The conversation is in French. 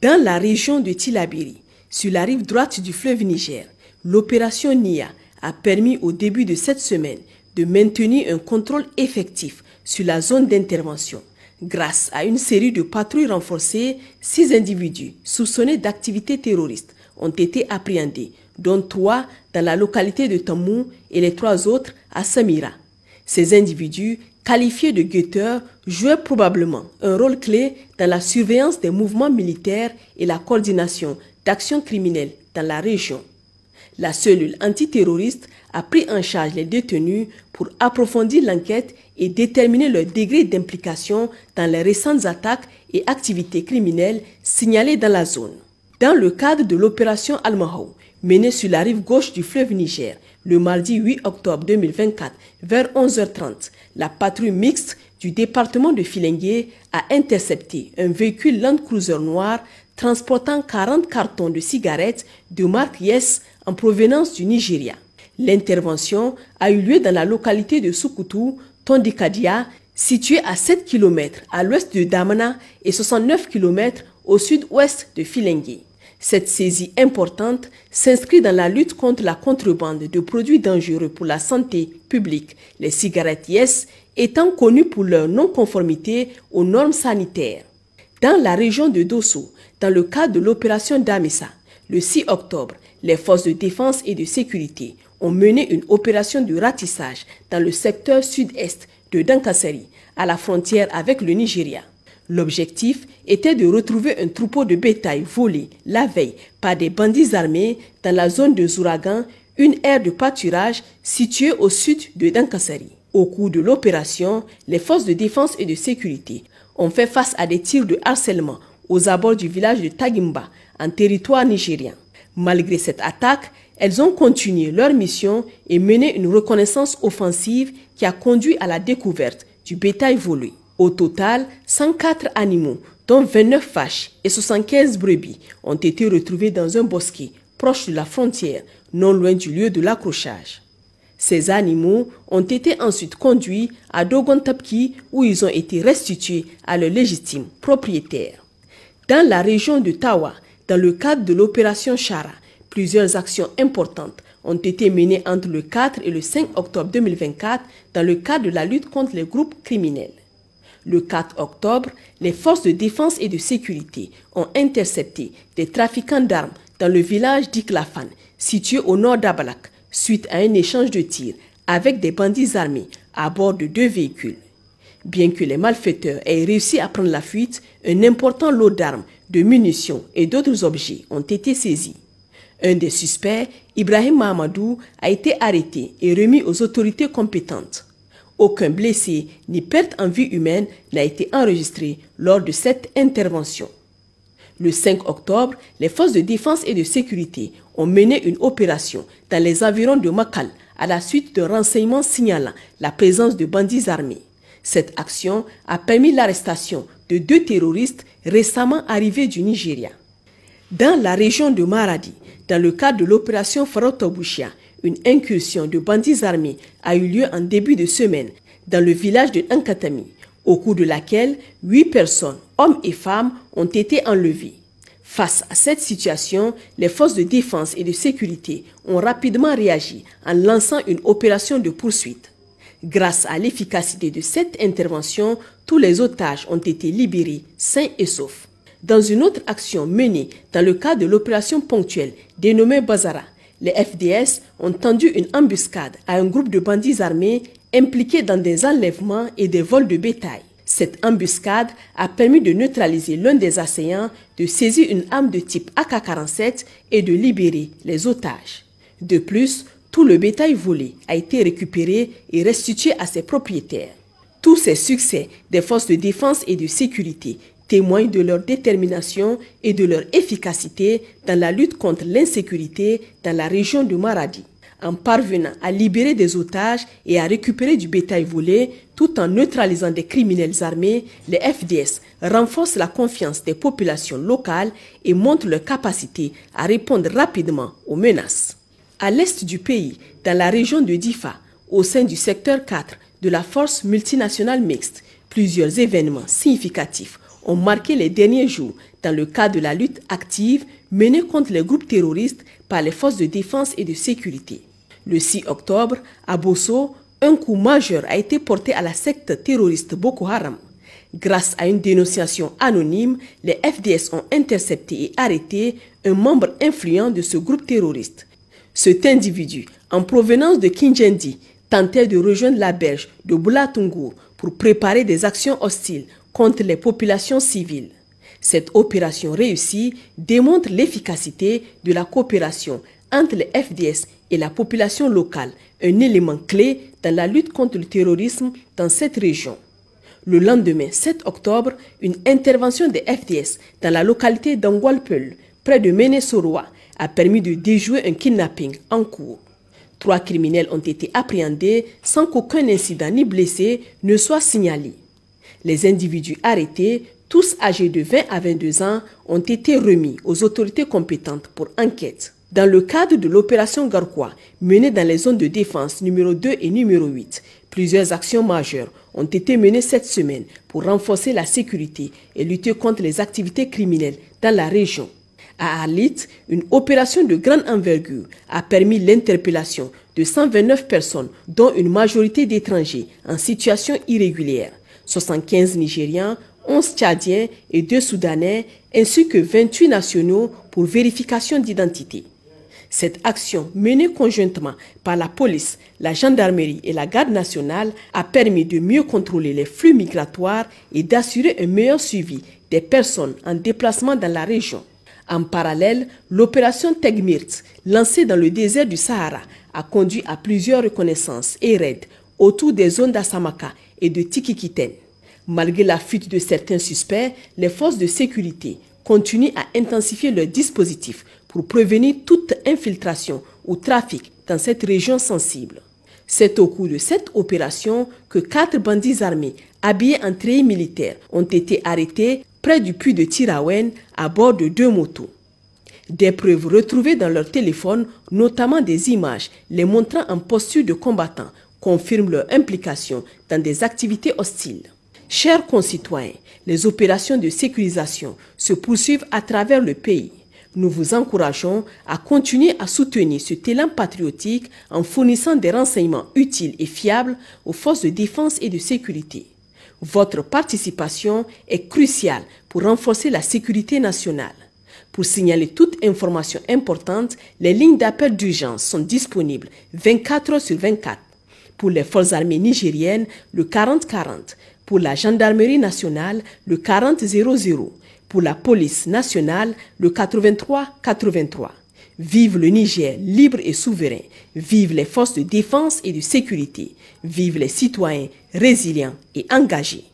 Dans la région de Tilabiri, sur la rive droite du fleuve Niger, l'opération NIA a permis au début de cette semaine de maintenir un contrôle effectif sur la zone d'intervention grâce à une série de patrouilles renforcées, six individus soupçonnés d'activités terroristes ont été appréhendés, dont trois dans la localité de Tamou et les trois autres à Samira. Ces individus, qualifiés de guetteurs, jouait probablement un rôle clé dans la surveillance des mouvements militaires et la coordination d'actions criminelles dans la région. La cellule antiterroriste a pris en charge les détenus pour approfondir l'enquête et déterminer leur degré d'implication dans les récentes attaques et activités criminelles signalées dans la zone. Dans le cadre de l'opération Almahou, menée sur la rive gauche du fleuve Niger le mardi 8 octobre 2024 vers 11h30, la patrouille mixte du département de Filengue a intercepté un véhicule Land Cruiser noir transportant 40 cartons de cigarettes de marque Yes en provenance du Nigeria. L'intervention a eu lieu dans la localité de Sukutu, Tondikadia, située à 7 km à l'ouest de Damana et 69 km au sud-ouest de Filengue. Cette saisie importante s'inscrit dans la lutte contre la contrebande de produits dangereux pour la santé publique, les cigarettes Yes étant connues pour leur non-conformité aux normes sanitaires. Dans la région de Dosso, dans le cadre de l'opération Damessa, le 6 octobre, les forces de défense et de sécurité ont mené une opération de ratissage dans le secteur sud-est de dankassery à la frontière avec le Nigeria. L'objectif était de retrouver un troupeau de bétail volé la veille par des bandits armés dans la zone de Zouragan, une aire de pâturage située au sud de Dankassari. Au cours de l'opération, les forces de défense et de sécurité ont fait face à des tirs de harcèlement aux abords du village de Tagimba, en territoire nigérien. Malgré cette attaque, elles ont continué leur mission et mené une reconnaissance offensive qui a conduit à la découverte du bétail volé. Au total, 104 animaux, dont 29 vaches et 75 brebis, ont été retrouvés dans un bosquet proche de la frontière, non loin du lieu de l'accrochage. Ces animaux ont été ensuite conduits à Dogontapki où ils ont été restitués à leur légitime propriétaire. Dans la région de Tawa, dans le cadre de l'opération Chara, plusieurs actions importantes ont été menées entre le 4 et le 5 octobre 2024 dans le cadre de la lutte contre les groupes criminels. Le 4 octobre, les forces de défense et de sécurité ont intercepté des trafiquants d'armes dans le village d'Iklafan, situé au nord d'Abalak, suite à un échange de tirs avec des bandits armés à bord de deux véhicules. Bien que les malfaiteurs aient réussi à prendre la fuite, un important lot d'armes, de munitions et d'autres objets ont été saisis. Un des suspects, Ibrahim Mahamadou, a été arrêté et remis aux autorités compétentes. Aucun blessé ni perte en vie humaine n'a été enregistré lors de cette intervention. Le 5 octobre, les forces de défense et de sécurité ont mené une opération dans les environs de Makal à la suite de renseignements signalant la présence de bandits armés. Cette action a permis l'arrestation de deux terroristes récemment arrivés du Nigeria. Dans la région de Maradi, dans le cadre de l'opération Farotobushia, une incursion de bandits armés a eu lieu en début de semaine dans le village de Nkatami, au cours de laquelle huit personnes, hommes et femmes, ont été enlevées. Face à cette situation, les forces de défense et de sécurité ont rapidement réagi en lançant une opération de poursuite. Grâce à l'efficacité de cette intervention, tous les otages ont été libérés, sains et saufs. Dans une autre action menée dans le cadre de l'opération ponctuelle dénommée Bazara, les FDS ont tendu une embuscade à un groupe de bandits armés impliqués dans des enlèvements et des vols de bétail. Cette embuscade a permis de neutraliser l'un des assaillants, de saisir une arme de type AK-47 et de libérer les otages. De plus, tout le bétail volé a été récupéré et restitué à ses propriétaires. Tous ces succès des forces de défense et de sécurité témoignent de leur détermination et de leur efficacité dans la lutte contre l'insécurité dans la région de Maradi, en parvenant à libérer des otages et à récupérer du bétail volé tout en neutralisant des criminels armés, les FDS renforcent la confiance des populations locales et montrent leur capacité à répondre rapidement aux menaces. À l'est du pays, dans la région de Difa, au sein du secteur 4 de la force multinationale mixte, plusieurs événements significatifs ont marqué les derniers jours dans le cadre de la lutte active menée contre les groupes terroristes par les forces de défense et de sécurité. Le 6 octobre, à Bosso, un coup majeur a été porté à la secte terroriste Boko Haram. Grâce à une dénonciation anonyme, les FDS ont intercepté et arrêté un membre influent de ce groupe terroriste. Cet individu, en provenance de Kinjendi, tentait de rejoindre la berge de Boulatungur pour préparer des actions hostiles contre les populations civiles. Cette opération réussie démontre l'efficacité de la coopération entre les FDS et la population locale, un élément clé dans la lutte contre le terrorisme dans cette région. Le lendemain 7 octobre, une intervention des FDS dans la localité d'Angualpul, près de méné a permis de déjouer un kidnapping en cours. Trois criminels ont été appréhendés sans qu'aucun incident ni blessé ne soit signalé. Les individus arrêtés, tous âgés de 20 à 22 ans, ont été remis aux autorités compétentes pour enquête. Dans le cadre de l'opération Garquois, menée dans les zones de défense numéro 2 et numéro 8, plusieurs actions majeures ont été menées cette semaine pour renforcer la sécurité et lutter contre les activités criminelles dans la région. À Arlit, une opération de grande envergure a permis l'interpellation de 129 personnes, dont une majorité d'étrangers en situation irrégulière. 75 Nigériens, 11 Tchadiens et 2 Soudanais, ainsi que 28 nationaux pour vérification d'identité. Cette action, menée conjointement par la police, la gendarmerie et la garde nationale, a permis de mieux contrôler les flux migratoires et d'assurer un meilleur suivi des personnes en déplacement dans la région. En parallèle, l'opération Tegmirt, lancée dans le désert du Sahara, a conduit à plusieurs reconnaissances et raids autour des zones d'Assamaka et de Tikikiten. Malgré la fuite de certains suspects, les forces de sécurité continuent à intensifier leur dispositif pour prévenir toute infiltration ou trafic dans cette région sensible. C'est au cours de cette opération que quatre bandits armés habillés en treillis militaires ont été arrêtés près du puits de Tirawen à bord de deux motos. Des preuves retrouvées dans leur téléphone, notamment des images les montrant en posture de combattants confirme leur implication dans des activités hostiles. Chers concitoyens, les opérations de sécurisation se poursuivent à travers le pays. Nous vous encourageons à continuer à soutenir ce talent patriotique en fournissant des renseignements utiles et fiables aux forces de défense et de sécurité. Votre participation est cruciale pour renforcer la sécurité nationale. Pour signaler toute information importante, les lignes d'appel d'urgence sont disponibles 24 heures sur 24. Pour les forces armées nigériennes, le 40-40. Pour la gendarmerie nationale, le 40-00. Pour la police nationale, le 83-83. Vive le Niger libre et souverain. Vive les forces de défense et de sécurité. Vive les citoyens résilients et engagés.